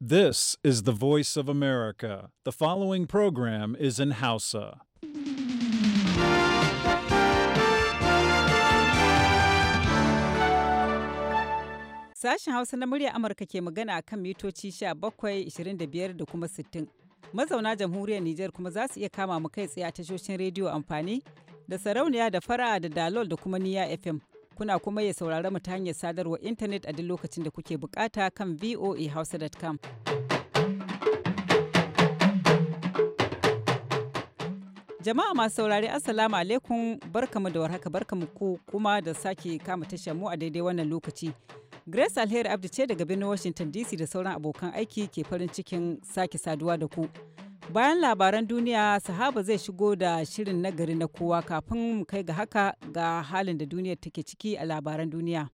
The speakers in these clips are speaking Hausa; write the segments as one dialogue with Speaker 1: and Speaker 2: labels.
Speaker 1: This is the voice of America. The following program is in Hausa. Sashen Hausa na murya Amurka ke magana kan mitoci 17, 25 da kuma 60. Mazauna jamhuriyar Nijar kuma za su iya kama mu kai tsaye a tashoshin rediyo amfani da sarauniya da fara da dalol da kuma niya FM. Kuna kuma ya saurara mu ta hanyar sadarwar intanet a duk lokacin da kuke bukata kan voahausa.com. Jama'a masu saurari Assalamu alaikum barkamu da warhaka barkamu ku kuma da sake kama tashar mu a daidai wannan lokaci. Grace Alheri Abdi ce daga birnin Washington DC da sauran abokan aiki ke farin cikin sake saduwa da ku. Bayan labaran duniya, sahaba zai shigo da shirin nagari na kowa kafin mu kai ga haka ga halin da duniya take ciki a labaran duniya.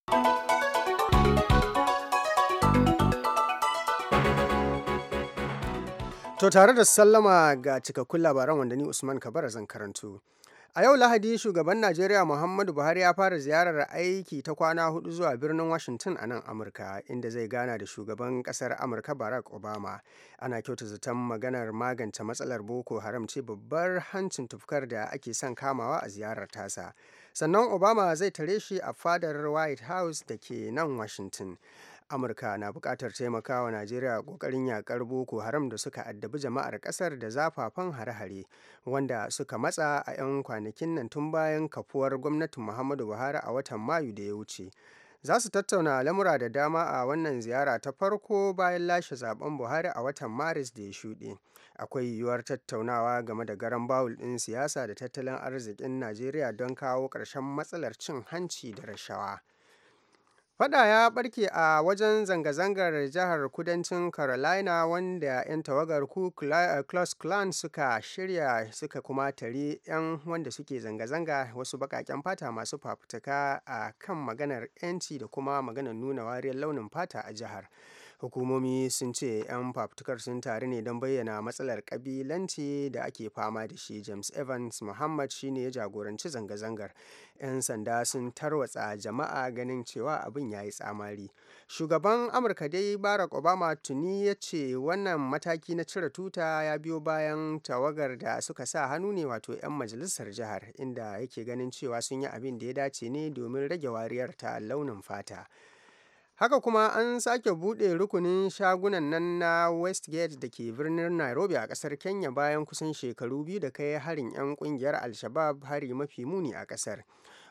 Speaker 2: To tare da sallama ga cikakkun labaran wanda ni Usman Kabara zan karantu. A yau Lahadi shugaban Najeriya Muhammadu Buhari ya fara ziyarar aiki ta kwana hudu zuwa birnin Washington a nan Amurka inda zai gana da shugaban kasar Amurka Barack Obama. Ana kyauta zaton maganar magance matsalar Boko Haram ce babbar hancin tufkar da ake son kamawa a ziyarar tasa. Sannan Obama zai tare shi a fadar White House da ke nan Washington. amurka na buƙatar taimakawa najeriya ƙoƙarin yaƙar boko haram da suka addabi jama'ar ƙasar da zafafan hare-hare wanda suka matsa a 'yan kwanakin nan tun bayan kafuwar gwamnatin muhammadu buhari a watan mayu da ya wuce za su tattauna lamura da dama a wannan ziyara ta farko bayan lashe zaben buhari a watan maris da ya shuɗe akwai yiwuwar tattaunawa game da garan bawul ɗin siyasa da tattalin arzikin najeriya don kawo ƙarshen matsalar cin hanci da rashawa Faɗa ya barke a wajen zanga-zangar jihar Kudancin Carolina wanda ‘yan tawagar Ku Klux Klan suka shirya suka kuma tare ‘yan wanda suke zanga-zanga wasu baƙaƙen fata masu fafutuka a kan maganar ‘yanci da kuma maganar nuna wariyar launin fata a jihar. hukumomi sun ce 'yan fafutukar sun taru ne don bayyana matsalar kabilanci da ake fama da shi james evans muhammad shine ya jagoranci zanga-zangar 'yan sanda sun tarwatsa jama'a ganin cewa abin ya yi tsamari shugaban amurka dai barack obama tuni ya ce wannan mataki na cire tuta ya biyo bayan tawagar da suka sa hannu ne wato 'yan majalisar jihar inda yake ganin cewa sun yi abin da ya dace ne domin rage wariyar ta launin fata Haka kuma an sake buɗe rukunin shagunan nan na Westgate da ke birnin Nairobi a ƙasar Kenya bayan kusan shekaru biyu da kai harin 'yan ƙungiyar Al-Shabab hari mafi muni a ƙasar.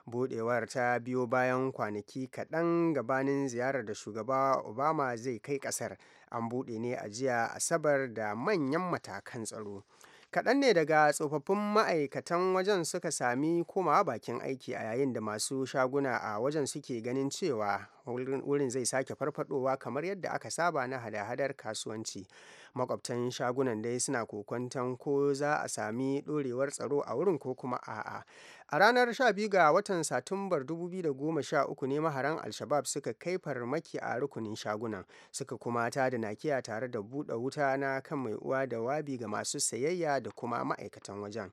Speaker 2: Buɗewar ta biyo bayan kwanaki kaɗan gabanin ziyarar da Shugaba Obama zai kai ƙasar, an buɗe ne a jiya Asabar da manyan matakan tsaro. kaɗan ne daga tsofaffin ma'aikatan wajen suka sami komawa bakin aiki a yayin da masu shaguna a wajen suke ganin cewa wurin zai sake farfadowa kamar yadda aka saba na hada-hadar kasuwanci makwabtan shagunan dai suna kokwanton ko za a sami ɗorewar tsaro a wurin ko kuma a'a A ranar 12 ga watan Satumbar 2013 ne maharan Al-Shabab suka kai farmaki a rukunin shagunan, suka kuma da nakiya tare da buɗe wuta na kan mai uwa da wabi ga masu sayayya da kuma ma'aikatan wajen.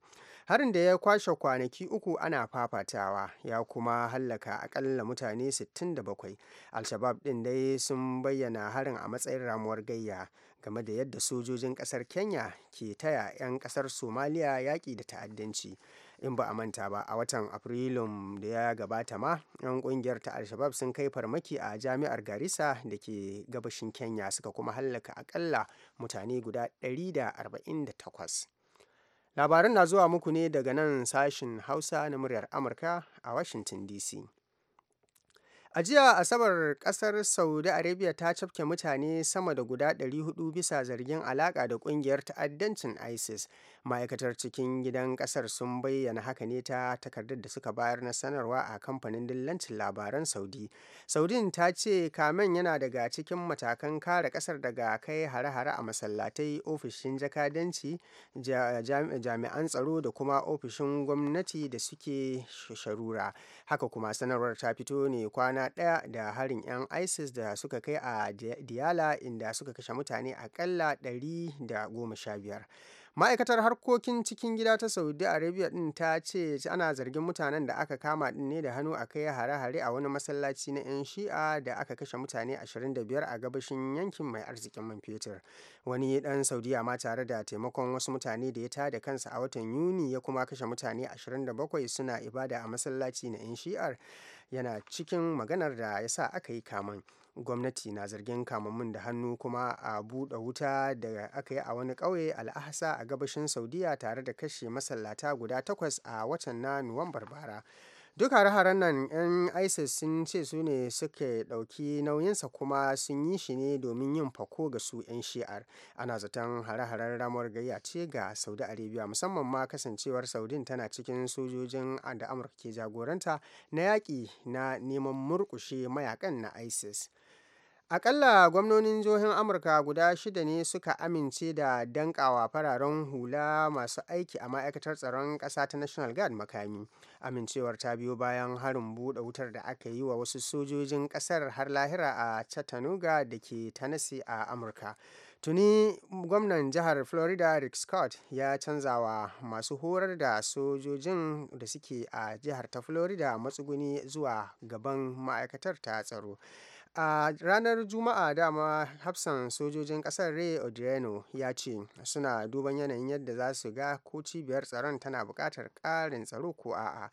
Speaker 2: Harin da ya kwashe kwanaki uku ana fafatawa ya kuma hallaka akalla mutane 67. Al-Shabab ɗin dai sun bayyana harin a matsayin ramuwar gayya. game da yadda sojojin kasar kenya ke taya 'yan kasar somaliya yaƙi da ta'addanci in ba a manta ba a watan afrilun da ya gabata ma 'yan kungiyar ta alshabab sun kai farmaki a jami'ar garissa da ke gabashin kenya suka kuma hallaka akalla mutane guda 148 labaran na zuwa muku ne daga nan sashin hausa na muryar amurka a washington dc A jiya Asabar kasar Saudi Arabia ta cafke mutane sama da guda 400 bisa zargin alaka da kungiyar ta'addancin ISIS ma'aikatar cikin gidan kasar sun bayyana haka ne ta takardar da suka bayar na sanarwa a kamfanin dillancin labaran saudi saudin ta ce kamen yana daga cikin matakan kare kasar daga kai hare-hare a masallatai ofishin jakadanci jami'an tsaro da kuma ofishin gwamnati da suke sharura haka kuma sanarwar ta fito ne kwana ɗaya da harin 'yan isis da suka kai a diyala inda suka kashe mutane akalla 115 Ma'aikatar Harkokin Cikin Gida ta Saudi Arabia din ta ce ana zargin mutanen da aka kama din ne da hannu a kai hare-hare a wani masallaci na 'yan Shi'a da aka kashe mutane 25 a gabashin yankin mai arzikin man fetur. Wani dan Saudiya ma tare da taimakon wasu mutane da ya tada kansa a watan Yuni ya kuma kashe mutane 27 suna ibada a masallaci na 'yan Shi'ar yana cikin maganar da ya sa aka yi kaman. gwamnati na zargin kamammun da hannu kuma a buɗe wuta da aka yi a wani ƙauye al'ahasa a gabashin saudiya tare da kashe masallata guda takwas a watan na nuwambar bara duk hare-haren nan 'yan isis sun ce su ne suke ɗauki nauyinsa kuma sun yi shi ne domin yin fako ga su 'yan shi'ar ana zaton hare-haren ramuwar gayya ce ga saudi arabia musamman ma kasancewar saudin tana cikin sojojin da amurka ke jagoranta na yaƙi na neman murƙushe mayakan na isis Aƙalla gwamnonin jihohin Amurka guda shida ne suka amince da dankawa fararen hula masu aiki a Ma'aikatar Tsaron Ƙasa ta National Guard makami. Amincewar ta biyo bayan harin buɗe wutar da aka yi wa wasu sojojin ƙasar har lahira a Chattanooga da ke Tennessee a Amurka. Tuni gwamnan jihar Florida Rick Scott ya canza wa masu horar da sojojin da suke a jihar ta Florida matsuguni zuwa gaban ma'aikatar ta tsaro. A ranar Juma'a dama hafsan sojojin kasar re ya ce suna duban yanayin yadda za su ga ko cibiyar tsaron tana bukatar ƙarin tsaro ko a'a.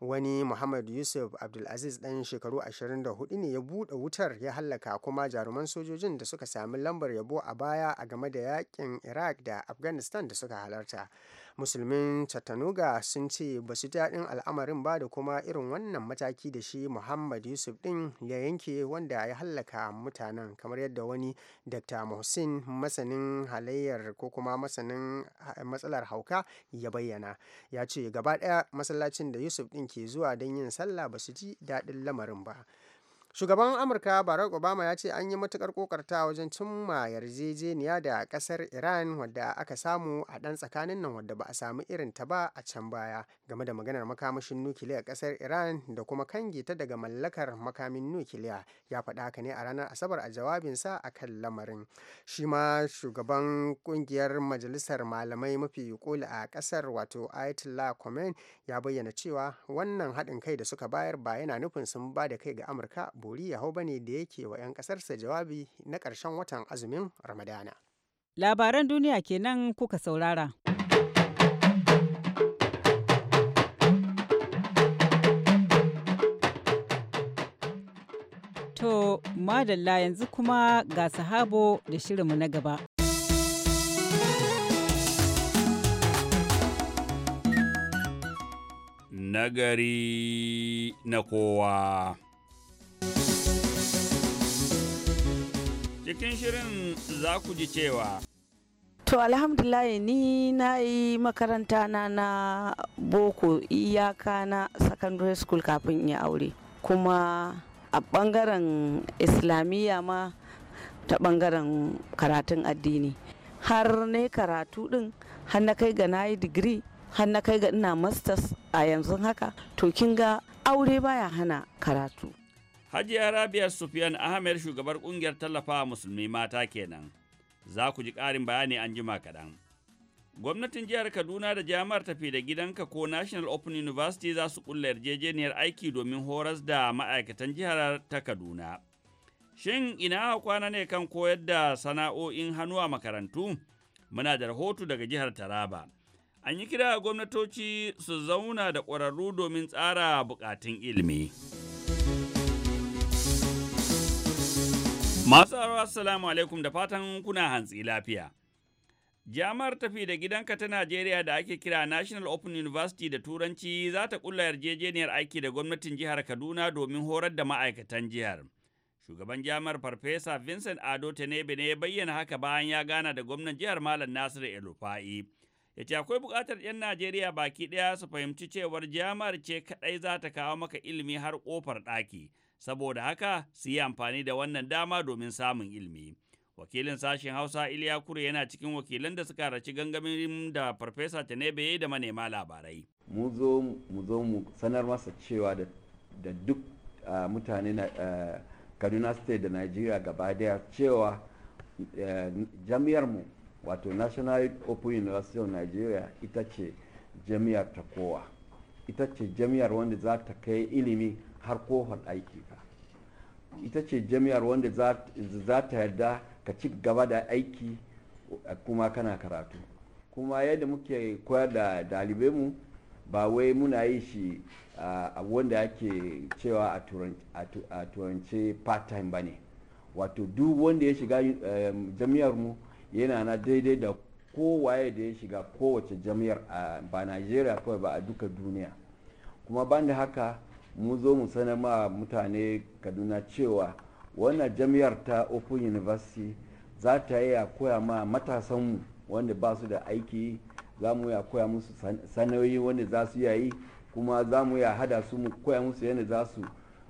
Speaker 2: wani Muhammad Yusuf Abdulaziz ɗan shekaru 24 ne ya buɗe wutar ya hallaka kuma jaruman sojojin da suka sami lambar yabo a baya a game da yakin Iraq da Afghanistan da suka halarta. musulmin chattanooga sun ce ba su daɗin al'amarin ba da kuma irin wannan mataki da shi muhammad yusuf ɗin ya yanke wanda ya hallaka mutanen kamar yadda wani dr muhsin masanin halayyar ko kuma masanin matsalar hauka ya bayyana ya ce gaba ɗaya masallacin da yusuf ɗin ke zuwa don yin sallah ba su ji daɗin lamarin ba Shugaban Amurka Barack Obama ya ce an yi matukar kokarta wajen cimma yarjejeniya da kasar Iran wadda aka samu a ɗan tsakanin nan wadda ba a samu irin ta ba a can baya game da maganar makamashin nukiliya kasar Iran da kuma kange ta daga mallakar makamin nukiliya. Ya faɗa haka ne a ranar Asabar a jawabinsa a kan lamarin. Shi ma shugaban kungiyar majalisar malamai mafi koli a kasar wato Ayatollah Khomeini ya bayyana cewa wannan haɗin kai da suka bayar ba yana nufin sun ba da kai ga Amurka bori ya hau bane da yake wa 'yan ƙasarsa jawabi na ƙarshen watan azumin Ramadana.
Speaker 1: Labaran duniya kenan kuka saurara. To, madalla yanzu kuma ga sahabo da shirinmu na gaba.
Speaker 3: Nagari na kowa. Cikin shirin za ku ji cewa.
Speaker 4: To alhamdulahi ni na yi makaranta na na boko iyaka na secondary school kafin ya aure. Kuma a ɓangaren islamiyya ma ta ɓangaren karatun addini. Har ne karatu din har na kai ga na yi digiri, har na kai ga ina masters a yanzu haka. To kin ga aure baya hana karatu.
Speaker 3: Hajiya Arabiya Sufiyan Ahmed shugabar ƙungiyar tallafawa musulmi mata kenan. Za ku ji ƙarin bayani an jima kaɗan. Gwamnatin jihar Kaduna da jami'ar tafi da gidanka ko National Open University za su kulle yarjejeniyar aiki domin horas da ma'aikatan jihar ta Kaduna. Shin ina kwana ne kan koyar da sana'o'in hannu a makarantu? Muna da rahoto daga jihar Taraba. An yi kira gwamnatoci su zauna da ƙwararru domin tsara bukatun ilimi. Masu aro assalamu alaikum da fatan kuna hantsi lafiya. Jami'ar tafi da gidanka ta Najeriya da ake kira National Open University da Turanci za ta ƙulla yarjejeniyar aiki da gwamnatin jihar Kaduna domin horar da ma'aikatan jihar. Shugaban jami'ar Farfesa Vincent Ado Tenebe ne ya bayyana haka bayan ya gana da gwamnan jihar Malam Nasiru Elufa'i. Ya ce akwai buƙatar 'yan Najeriya baki ɗaya su fahimci cewar jami'ar ce kaɗai za ta kawo maka ilimi har ƙofar ɗaki. saboda haka su yi amfani da wannan dama domin samun ilimi. Wakilin sashen Hausa Iliya Kure yana cikin wakilan da suka raci gangamin da Farfesa Tanebe da manema labarai.
Speaker 5: Mu zo mu zo mu sanar masa cewa da duk mutane na Kaduna State da Nigeria gaba daya cewa e, jami'ar mu wato National Open University of Nigeria ita ce jami'ar ta kowa. Ita ce jami'ar wanda za ta kai ilimi har kofar aiki ka ita ce jami'ar wanda za ta yarda ka ci gaba da aiki kuma kana karatu kuma yadda muke koyar da dalibai mu ba wai muna yi shi wanda ake cewa a turance part-time ba ne wato duk wanda ya shiga jami'ar mu yana na daidai da kowaye da ya shiga kowace jami'ar ba nigeria kawai ba a duka duniya kuma ban da haka mu zo mu sanar ma mutane kaduna cewa wannan jami'ar ta open university za ta yi a koya ma matasanmu wanda ba su da aiki za mu ya koya musu sanayoyi wanda za su yayi kuma za mu ya hada su mu koya musu yadda za su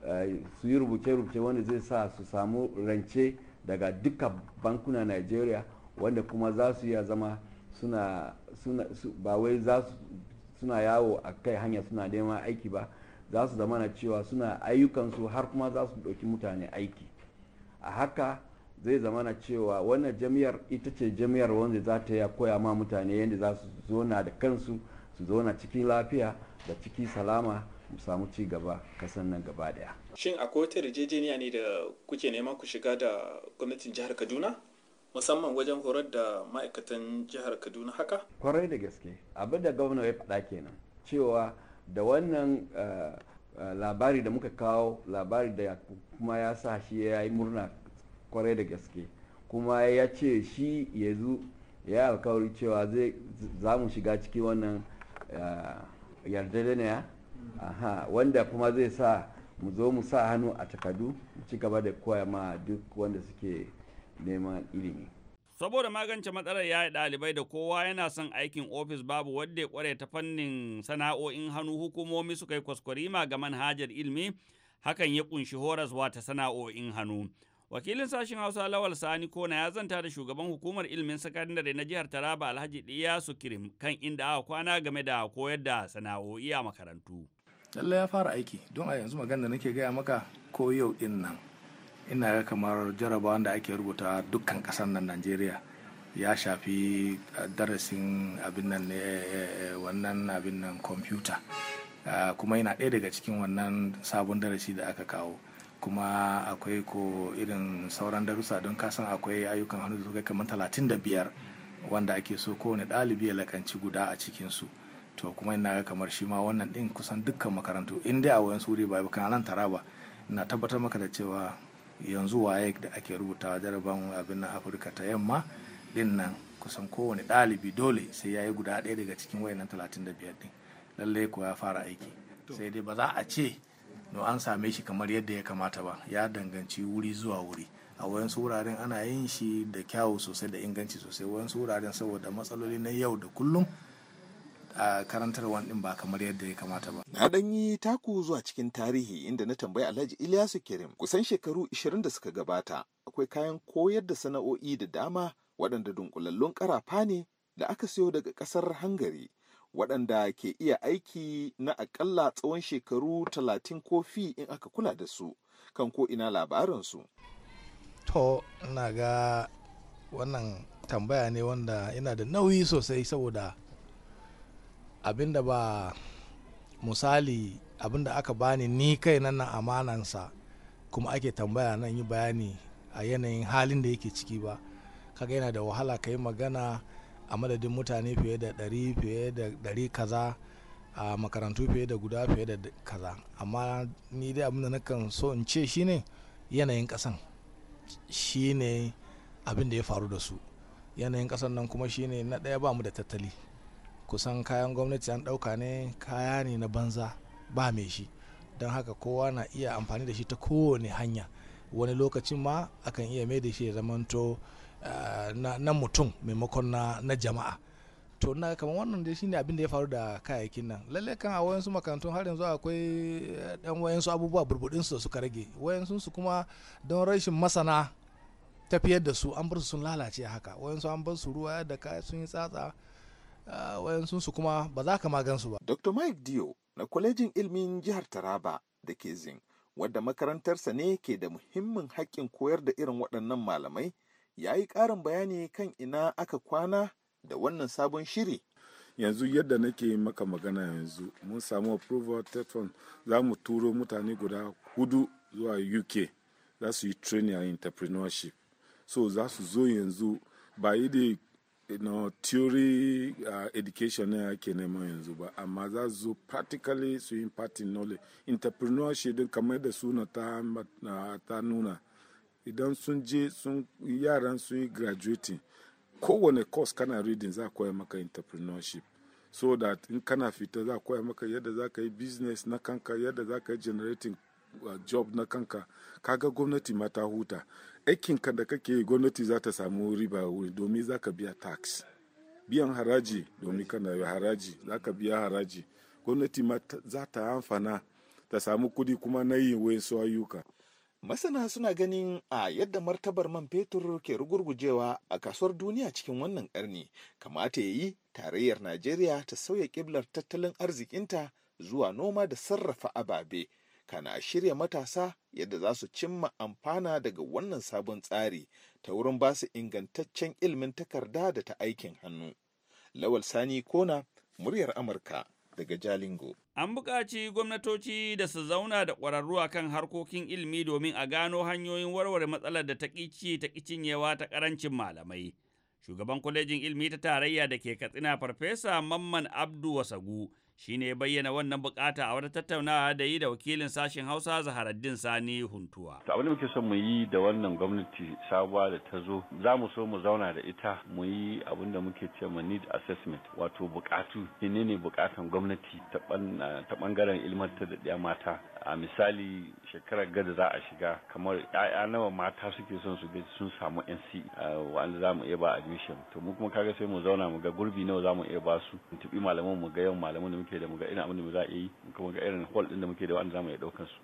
Speaker 5: eh, su yi rubuce-rubuce wanda zai sa su samu rance daga duka bankuna nigeria wanda kuma za su iya zama suna, ba wai za su suna yawo a kai hanya suna neman aiki ba za su zama na cewa suna ayyukansu har kuma za su ɗauki mutane aiki a haka zai zama na cewa wannan jami'ar ita ce jami'ar wanda za ta ya koya ma mutane yadda za su zona da kansu su zona cikin lafiya da ciki salama mu samu ci gaba kasan nan gaba daya
Speaker 6: shin
Speaker 7: akwai wata yarjejeniya ne da kuke neman ku shiga da gwamnatin jihar kaduna musamman wajen horar da ma'aikatan jihar kaduna haka
Speaker 5: kwarai da gaske abin da gwamna ya faɗa kenan cewa da wannan eh, eh, labari da muka kawo labari da kuma ya sa shi ya yi murna kwarai da gaske kuma ya ce shi ya zu ya alkawari cewa zai za mu shiga cikin wannan eh, yardajeniya aha wanda kuma zai sa mu zo mu sa hannu a takardu ci gaba da koya ma duk wanda suke neman ilimi
Speaker 3: Saboda magance matsalar yi ɗalibai da kowa yana son aikin ofis babu wadda ya kware ta fannin sana'o'in hannu hukumomi suka yi kwaskwarima ga manhajar ilmi hakan ya ƙunshi horaswa ta sana'o'in hannu. Wakilin sashen Hausa Lawal Sani Kona ya zanta da shugaban hukumar ilimin sakandare na jihar Taraba Alhaji Diyasu Kirim kan inda aka kwana game da koyar da sana'o'i a makarantu.
Speaker 8: Lallai ya fara aiki don a yanzu magana da nake gaya maka ko yau din nan ina ga kamar jarabawan da ake rubuta dukkan kasar nan najeriya ya shafi darasin abin nan ne eh, eh, eh, wannan abin nan kwamfuta kuma yana ɗaya daga cikin wannan sabon darasi da aka kawo kuma akwai ko irin sauran darussa don kasan akwai ayyukan hannu da suka kamar talatin da biyar wanda ake so kowane ɗalibi ya lakanci guda a cikinsu to kuma ina ga kamar shi ma wannan ɗin kusan dukkan makarantu in dai a wayan suri ba kana nan taraba ina tabbatar maka da cewa yanzu waye da ake rubuta jaraban abin na afirka ta yamma din nan kusan kowane ɗalibi dole sai ya yi guda ɗaya daga cikin wayannan biyar din lallai kuwa ya fara aiki sai dai ba za a ce no an same shi kamar yadda ya kamata ba ya danganci wuri zuwa wuri a wayansu wuraren ana yin shi da kyawu sosai da inganci sosai wayansu wuraren saboda matsaloli na yau da kullum a karantarwa
Speaker 7: din ba kamar yadda ya kamata ba. Na ɗan yi taku zuwa cikin tarihi inda na tambayi Alhaji Ilyasu Kirim kusan shekaru 20 da suka gabata akwai kayan koyar da sana'o'i da dama waɗanda dunkulallun ƙarafa ne da aka siyo daga ƙasar Hangari waɗanda ke iya aiki na aƙalla tsawon shekaru 30 fi in aka kula da su kan ko ina labaransu.
Speaker 8: To, ina ga wannan tambaya ne wanda yana da nauyi sosai saboda abinda ba misali abinda aka bani ni kai nan na amanansa kuma ake tambaya nan yi bayani a yanayin halin da yake ciki ba kaga yana da wahala ka yi magana a madadin mutane fiye da ɗari fiye da ɗari kaza a makarantu fiye da guda fiye da kaza amma ni dai abinda na kan so in ce shine yanayin ƙasan shine abin da ya faru da su yanayin ƙasan nan kuma shine na ɗaya ba mu da tattali kusan kayan gwamnati an ɗauka ne kaya ne na banza ba mai shi don haka kowa na iya amfani da shi ta kowane hanya wani lokacin ma akan iya mai da shi ya zamanto eh, na mutum maimakon na jama'a to na kamar wannan dai shine abin da ya faru da kayayyakin nan lalle kan a wayansu makarantun har yanzu akwai dan eh, wayansu abubuwa burbudin su da suka rage wayansu su kuma don rashin masana tafiyar da su an bar su sun lalace haka wayansu an bar su ruwa da kaya sun yi tsatsa Ah, wayan su kuma ba za ka magansu
Speaker 7: ba. Dr. Mike Dio na kwalejin Ilmin jihar Taraba da ke Zin, wadda makarantarsa ne ke da muhimmin haƙƙin koyar da irin waɗannan malamai, ya yi ƙarin bayani kan ina aka kwana da wannan sabon shiri. Yanzu yadda nake maka magana yanzu, mun samu approval telephone za mu turo mutane guda hudu zuwa UK za su yi training a entrepreneurship. So za su zo yanzu ba yi da you know, theory uh, education ne ake nema yanzu ba amma za su practically su yi party knowledge entrepreneurship din kamar da suna ta, uh, ta nuna idan sun je sun yaran sun yi graduating kowane course kana reading za koya maka entrepreneurship so that in kana fita za koya maka yadda za ka yi business na kanka yadda za ka yi generating uh, job na kanka kaga gwamnati mata huta aikinka da kake gwamnati za ta samu riba wuri domin za ka biya tax biyan haraji domin kana haraji za ka biya haraji gwamnati ma za ta amfana ta samu kudi kuma na yin wayansu ayyuka masana suna ganin a yadda martabar man fetur ke rugurgujewa a kasuwar duniya cikin wannan karni kamata ya yi tarayyar najeriya ta sauya kiblar tattalin arzikinta zuwa noma da sarrafa ababe kana shirya matasa yadda za su cimma amfana daga wannan sabon tsari ta wurin ba su ingantaccen ilmin takarda da ta aikin hannu. Lawal Sani Kona, muryar Amurka daga Jalingo.
Speaker 3: An buƙaci gwamnatoci da su zauna da ƙwararru a kan harkokin ilimi domin a gano hanyoyin warware matsalar da ta ƙici ta cinyewa ta ƙarancin malamai. Shugaban kwalejin ilimi ta tarayya da ke Katsina Farfesa Mamman Abdu Wasagu shi ne ya bayyana wannan bukata a wata tattaunawa da yi da wakilin sashen hausa zaharaddin sani huntuwa abin
Speaker 6: da muke son mu yi da wannan gwamnati sabuwa da ta zo za mu so mu zauna da ita mu yi abin da muke ce ma need assessment wato bukatu menene bukatan gwamnati ta bangaren ilmantar da mata a misali shekarar gada za a shiga kamar ya'ya nawa mata suke son su gaji sun samu NC wanda za mu iya ba admission to mu kuma kaga sai mu zauna mu ga gurbi nawa za mu iya ba su mu malaman mu ga yawan malaman da muke da mu ga irin abin da za a yi kuma ga irin hall din da muke da wanda za mu iya daukar su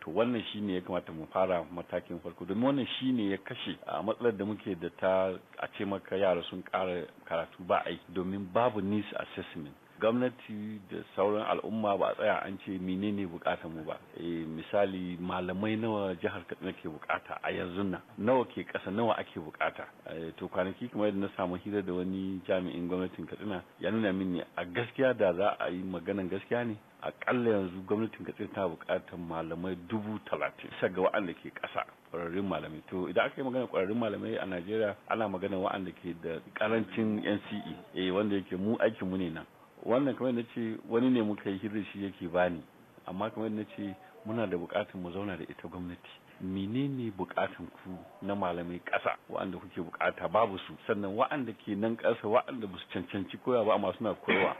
Speaker 6: to wannan shine ya kamata mu fara matakin farko domin wannan shine ya kashe a matsalar da muke da ta a ce maka yara sun ƙara karatu ba aiki domin babu needs assessment gwamnati da sauran al'umma ba a tsaya an ce menene bukatar mu ba eh, misali malamai nawa jihar katsina ke bukata a yanzu nan nawa ke kasa nawa ake bukata eh, to kwanaki kamar yadda na samu hira da wani jami'in gwamnatin katsina ya nuna mini a gaskiya da za a yi maganan gaskiya ne akalla yanzu gwamnatin katsina ta bukatar malamai dubu talatin bisa ga wa'anda ke ƙasa ƙwararrun malamai to idan aka yi magana ƙwararrun malamai a najeriya ana magana wa'anda ke da ƙarancin nce eh wanda yake mu aikinmu ne nan wannan kamar na ce wani ne muka yi hirar shi yake bani amma kamar na ce muna da bukatun mu zauna da ita gwamnati menene bukatun ku na malamai kasa wa'anda kuke bukata babu su sannan wa'anda ke nan kasa wa'anda ba su cancanci koya ba amma suna koyawa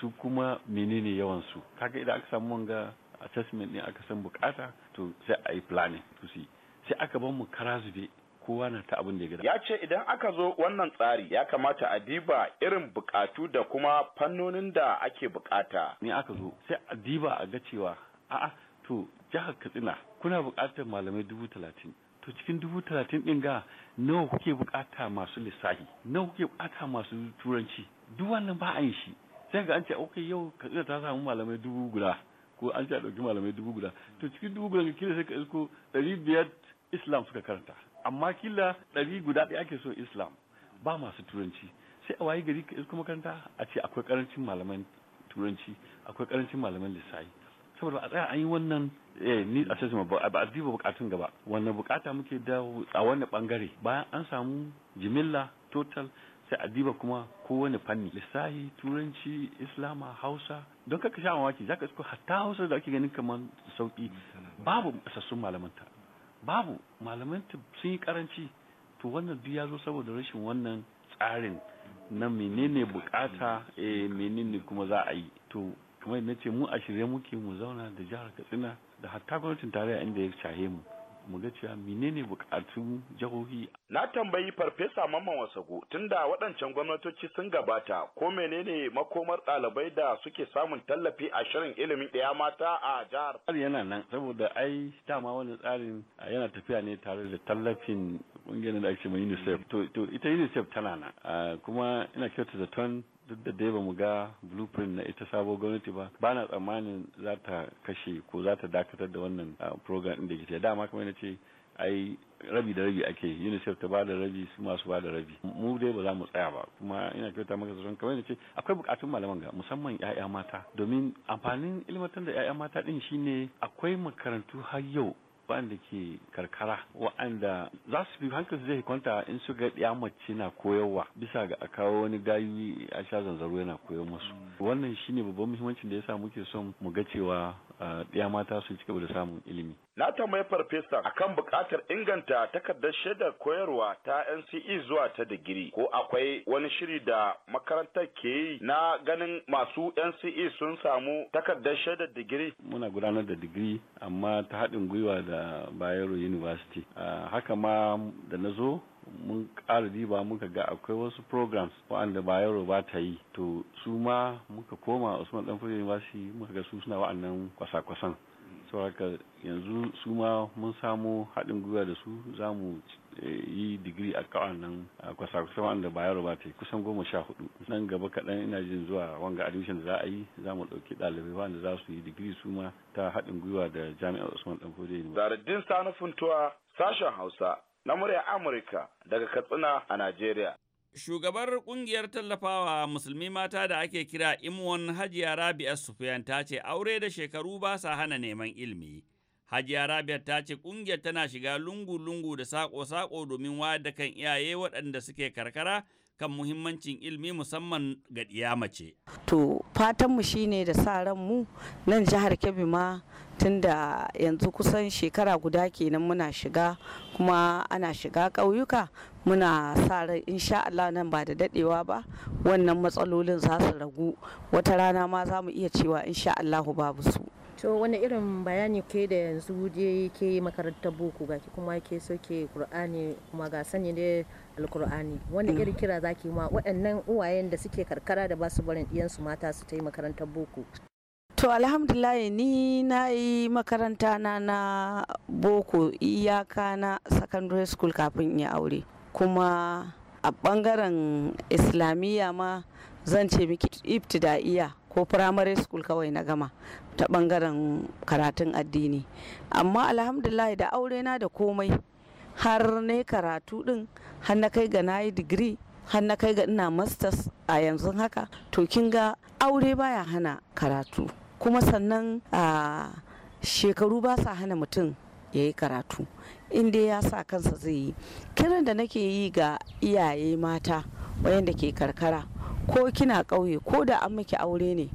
Speaker 6: su kuma menene yawan su kaga idan aka samu wanga assessment ne aka san bukata to sai a yi planning to sai aka bar mu kara zube kowa na ta abin da ya
Speaker 9: Ya ce idan aka zo wannan tsari ya kamata a diba irin bukatu da kuma fannonin da ake bukata.
Speaker 6: Ni aka zo sai a diba a ga cewa a'a to jihar Katsina kuna bukatar malamai dubu talatin. To cikin dubu talatin ɗin ga nawa kuke bukata masu lissafi nawa kuke bukata masu turanci duk wannan ba a yin shi sai ga an ce ok yau Katsina ta samu malamai dubu guda ko an ce a ɗauki malamai dubu guda to cikin dubu guda kira sai ka isko ɗari biyar Islam suka karanta amma kila ɗari guda ɗaya ake so islam ba masu turanci sai a wayi gari ka makaranta a ce akwai karancin malaman turanci akwai karancin malaman lissafi saboda a tsaya an yi wannan eh ni a sai ba a diba bukatun gaba wannan bukata muke da a wani bangare bayan an samu jimilla total sai a diba kuma kowane fanni lissahi turanci islama hausa don kaka sha mamaki zaka isko hatta hausa da ake ganin kamar sauki babu sassun malamanta babu malaman sun yi karanci to wannan duk ya zo saboda rashin wannan tsarin na menene bukata eh menene kuma za a yi to kuma na ce mu a shirye muke mu zauna da jihar katsina da hatta gwamnatin tarayya inda ya shahe mu mu ga cewa menene bukatun jihohi.
Speaker 9: Na tambayi farfesa Mamman Wasago tunda waɗancan gwamnatoci sun gabata ko menene makomar ɗalibai da suke samun tallafi a shirin ilimin ɗaya mata a jihar.
Speaker 6: Tsari yana nan saboda ai dama wani tsarin yana tafiya ne tare da tallafin ƙungiyar da ake ma UNICEF. To ita UNICEF tana nan kuma ina kyautata zaton duk da dai ba mu ga blueprint na ita sabo gwamnati ba ba na tsammanin za ta kashe ko za ta dakatar da wannan program ɗin da ke dama kamar na ce ai rabi da rabi ake unicef ta da rabi su masu ba da rabi mu dai ba za mu tsaya ba kuma ina kyauta maka sauran kamar da ce akwai bukatun malaman ga musamman ya'ya mata domin amfanin ilmantar da ya'ya mata din shine akwai makarantu har yau waɗanda ke karkara waɗanda za su bi hankali zai kwanta in su ga ya mace na koyarwa bisa ga a kawo wani gayu a sha zanzaro yana koyar musu mm. wannan shine babban muhimmancin da yasa muke son mu ga cewa ɗaya mata su ci gaba da samun ilimi.
Speaker 9: Na tambayi farfesa akan buƙatar inganta takardar shaidar koyarwa ta NCE zuwa ta digiri ko akwai wani shiri da makarantar ke yi na ganin masu NCE sun samu takardar shaidar digiri.
Speaker 6: Muna gudanar da digiri amma ta haɗin gwiwa da Bayero University. Haka ma da na zo mun ƙara diba muka ga akwai wasu programs waɗanda yaro ba ta yi to su ma muka koma usman dan fulani shi muka ga su suna wa'annan kwasa-kwasan yanzu su ma mun samu haɗin gwiwa da su za mu eh, yi digiri a kawan nan kwasa-kwasa wanda bayero ba ta yi kusan goma sha hudu nan gaba kaɗan ina jin zuwa wanga admission da za a yi za mu ɗauki ɗalibai wanda za su yi digiri su ma ta haɗin gwiwa da jami'ar usman ɗanfode ne.
Speaker 9: zaradin Funtuwa sashen hausa na murya Amurka daga Katsina a Najeriya.
Speaker 3: Shugabar kungiyar tallafawa musulmi mata da ake kira Imwon Hajiya Rabi'a Sufiyan ta ce aure da shekaru ba sa hana neman ilimi. Hajiya Rabi'a ta ce kungiyar tana shiga lungu-lungu da saƙo-saƙo domin wayar da kan iyaye waɗanda suke karkara kan muhimmancin ilmi musamman ga ɗiya mace.
Speaker 4: To fatanmu shine da sa ran mu nan jihar Kebbi ma tunda yanzu kusan shekara guda kenan muna shiga kuma ana shiga ƙauyuka muna sa ran insha Allah nan ba da daɗewa ba wannan matsalolin za su ragu wata rana ma za mu iya cewa insha Allah babu su to wani irin bayani ke da yanzu dai ke makarantar boko ga kuma ke soke qur'ani kuma ga sani dai alkur'ani wani mm. irin kira zaki ma waɗannan uwayen da suke karkara da basu barin ɗiyansu mata su ta yi makarantar boko to alhamdulillah ni na yi makaranta na na boko iyaka na secondary school kafin in aure kuma a bangaren islamiyya ma zan ce miki iya ko primary school kawai na gama ta bangaren karatun addini amma alhamdulillah da aure na da komai har na karatu din har na kai ga na yi digiri har na kai ga ina masters a yanzu haka to kin ga aure baya hana karatu kuma sannan a shekaru ba sa hana mutum ya yi karatu inda ya sa kansa zai yi kiran da nake yi ga iyaye mata wayanda ke karkara ko kina ƙauye ko da an miki aure ne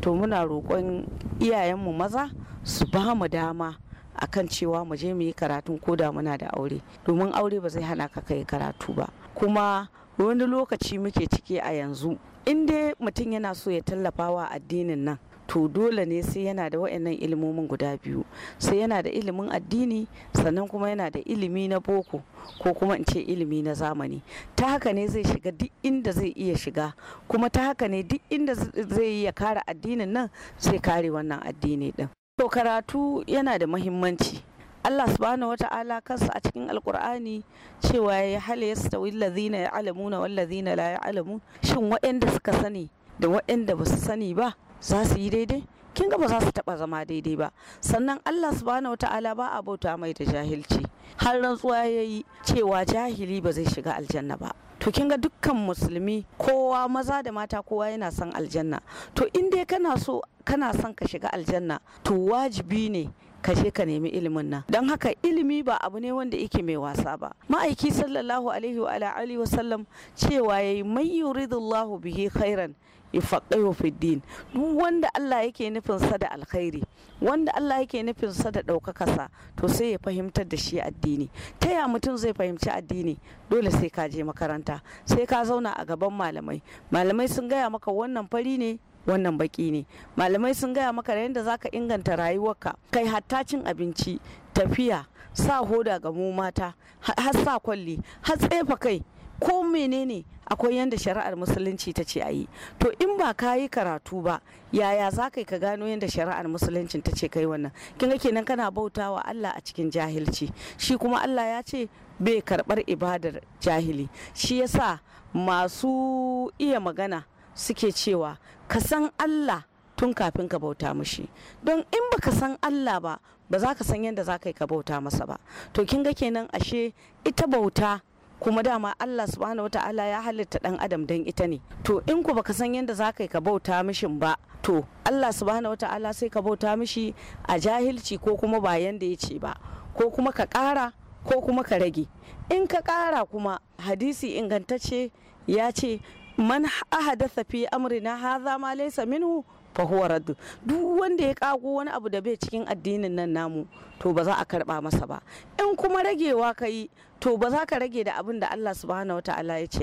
Speaker 4: to muna roƙon iyayenmu maza su ba mu dama a kan cewa mu je mu yi karatun koda muna da aure domin aure ba zai hana ka kai karatu ba kuma wani lokaci muke ciki a yanzu in dai mutum yana so ya tallafa wa addinin nan to dole ne sai yana da waɗannan ilimomin guda biyu sai yana da ilimin addini sannan kuma yana da ilimi na boko ko kuma in ce ilimi na zamani ta haka ne zai shiga duk inda zai iya shiga kuma ta haka ne duk inda zai iya kare addinin nan sai kare wannan addini din To karatu yana da mahimmanci. Allah subhanahu wa ta'ala kansa a cikin alkur'ani cewa ya hali ya stawi lazina ya alamu na wallazina la ya alamu shin waɗanda suka sani da waɗanda ba su sani ba za su yi daidai kin ga ba za su taɓa zama daidai ba sannan Allah subhanahu wa ta'ala ba a bauta mai da jahilci har rantsuwa ya yi cewa jahili ba zai shiga aljanna ba to kin ga dukkan musulmi kowa maza da mata kowa yana son aljanna to in dai kana so kana son ka shiga aljanna to wajibi ne ka je ka nemi ilimin nan don haka ilimi ba abu ne wanda yake mai wasa ba ma'aiki sallallahu alaihi wa alihi wa sallam cewa yayi man yuridullahu bihi khairan ifaqqahu fid din duk wanda Allah yake nufin sa da alkhairi wanda Allah yake nufin sa da ɗaukaka sa to sai ya fahimtar da shi addini ta ya mutum zai fahimci addini dole sai ka je makaranta sai ka zauna a gaban malamai malamai sun gaya maka wannan fari ne wannan baki ne malamai sun gaya maka da yadda ka inganta rayuwarka kai hatta cin abinci tafiya sa hoda ga mu mata har sa kwalli har tsefa kai ko menene akwai yadda shari'ar musulunci ta ce a yi to in ba ka yi karatu ba yaya za ka yi ka gano yadda shari'ar musulunci ta ce kai wannan kin ga kenan kana bauta wa Allah a cikin jahilci shi kuma Allah ya ce bai karbar ibadar jahili shi yasa masu iya magana suke cewa ka san Allah tun kafin ka bauta mushi don in baka san Allah ba ba za ka san yadda za ka yi ka bauta masa ba to kin ga kenan ashe ita bauta kuma dama Allah subhanahu wata'ala ya halitta dan adam don ita ne to in ku baka san yadda za ka yi ka bauta mishin ba to Allah subhanahu wata'ala sai ka bauta mishi a jahilci ko kuma ba yanda ya ce ba ko kuma ka kara ko kuma ka rage in ka ƙara kuma hadisi ingantacce ya ce man ahadatha fi amrina hadha ma laysa minhu huwa radd duk wanda ya kago wani abu da bai cikin addinin nan namu to ba za a karba masa ba in kuma ragewa ka to ba za ka rage da abin da Allah subhanahu wataala ya ce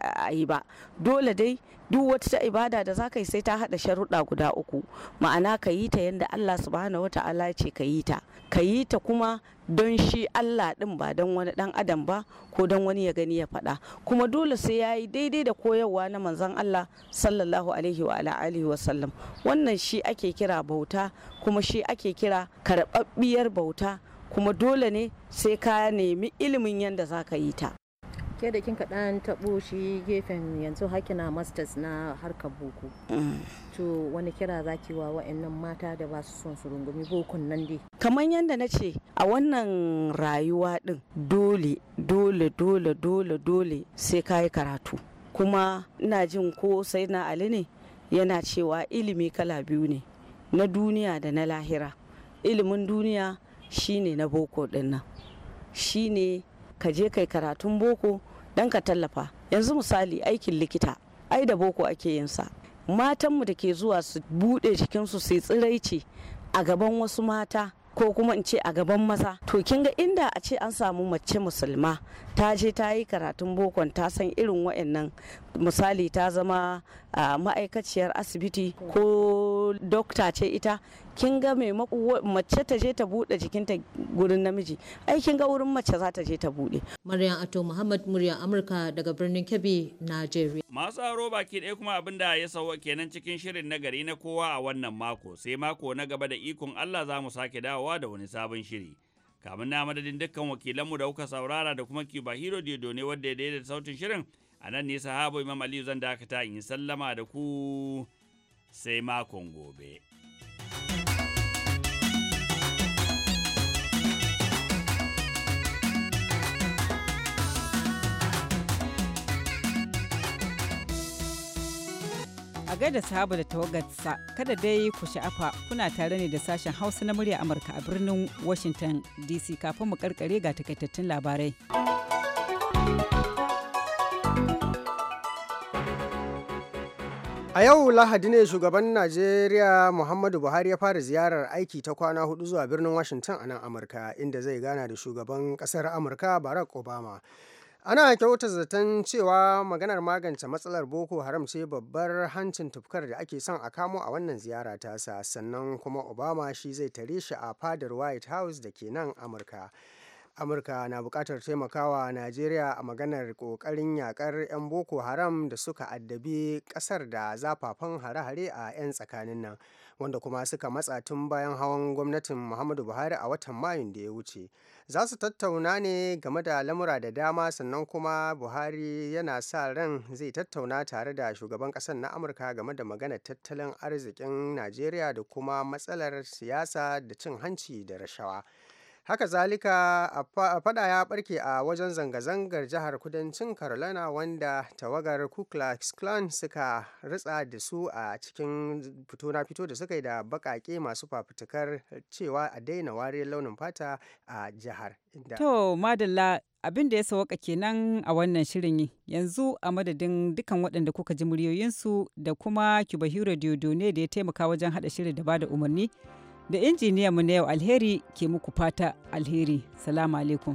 Speaker 4: a yi ba dole dai duk wata ta ibada da za ka yi sai ta haɗa sharuɗa guda uku ma'ana ka yi ta yadda allah subhanahu ta'ala ce ka yi ta ka yi ta kuma don shi allah ɗin ba don wani ɗan adam ba ko don wani ya gani ya faɗa kuma dole sai ya yi daidai da koyarwa na manzan allah sallallahu alaihi wa alihi wa wannan shi ake kira bauta kuma shi ake kira karɓaɓɓiyar bauta kuma dole ne sai ka nemi ilimin yadda za ka yi ta ke da kin kaɗan taɓo shi gefen yanzu hakina masters na harkar boko to wani kira za ki wa wa'annan mata da ba su son su rungumi bokun nan dai kamar yadda na ce a wannan rayuwa ɗin dole dole dole dole dole sai ka yi karatu kuma ina jin ko sai na ali ne yana cewa ilimi kala biyu ne na duniya da na lahira ilimin duniya shine na boko ɗin nan shine ka je kai karatun boko dan ka tallafa yanzu misali aikin likita ai da boko ake yin sa matan mu da ke zuwa su bude cikin su sai tsiraici a gaban wasu mata ko kuma in ce a gaban maza to kin ga inda a ce an samu mace musulma ta je ta yi karatun bokon ta san irin wa'annan misali ta zama ah, ma'aikaciyar asibiti ko dokta ce ita kin ga mai mace ta je ta bude jikinta gurin namiji ai kin ga wurin mace za ta je ta bude Maryam Ato Muhammad muryar Amurka daga birnin Kebbi
Speaker 1: Nigeria
Speaker 3: Masu aro baki ɗaya kuma abin da ya sauwa kenan cikin shirin na gari na kowa a wannan mako sai mako na gaba da ikon Allah za mu sake dawowa da wani sabon shiri kamun na madadin dukkan wakilanmu da kuka saurara da kuma Kiba hero Dedo ne wanda ya daidaita sautin shirin a nan ne sahabo Imam Aliyu zan dakata in sallama da ku sai makon gobe.
Speaker 1: a gaida sahaba da tawagarsa kada dai ku sha'afa kuna tare ne da sashen hausa na murya amurka a birnin washington dc kafin
Speaker 2: mu karkare ga takaitattun labarai a yau lahadi ne shugaban najeriya muhammadu buhari ya fara ziyarar aiki ta kwana hudu zuwa birnin washington a nan amurka inda zai gana da shugaban kasar amurka barack obama Ana kyauta zaton cewa maganar magance matsalar Boko Haram ce babbar hancin tufkar da ake son a kamo a wannan ziyara tasa, sannan kuma Obama shi zai tare shi a fadar White House da ke nan Amurka. amurka na bukatar taimakawa najeriya a maganar kokarin yakar 'yan boko haram da suka addabi kasar da zafafan hare-hare a 'yan tsakanin nan wanda kuma suka matsa tun bayan hawan gwamnatin muhammadu buhari a watan mayun da ya wuce za su tattauna ne game da lamura da dama sannan kuma buhari yana sa ran zai tattauna tare da shugaban ƙasar na amurka game da magana tattalin arzikin najeriya da kuma matsalar siyasa da cin hanci da rashawa Haka zalika a fada ya barke a wajen zanga-zangar jihar kudancin Carolina wanda tawagar Ku Klux Klan suka ritsa da su a cikin fito na fito da suka yi da bakake masu fafutukar cewa a daina ware launin fata a jihar. To,
Speaker 1: madalla abin da ya sawaka kenan a wannan shirin yanzu a madadin dukan waɗanda kuka ji muryoyinsu da kuma Cuba Hero Diodone da ya taimaka wajen haɗa shirin da bada umarni. da mu na yau alheri ke muku fata alheri salamu alaikum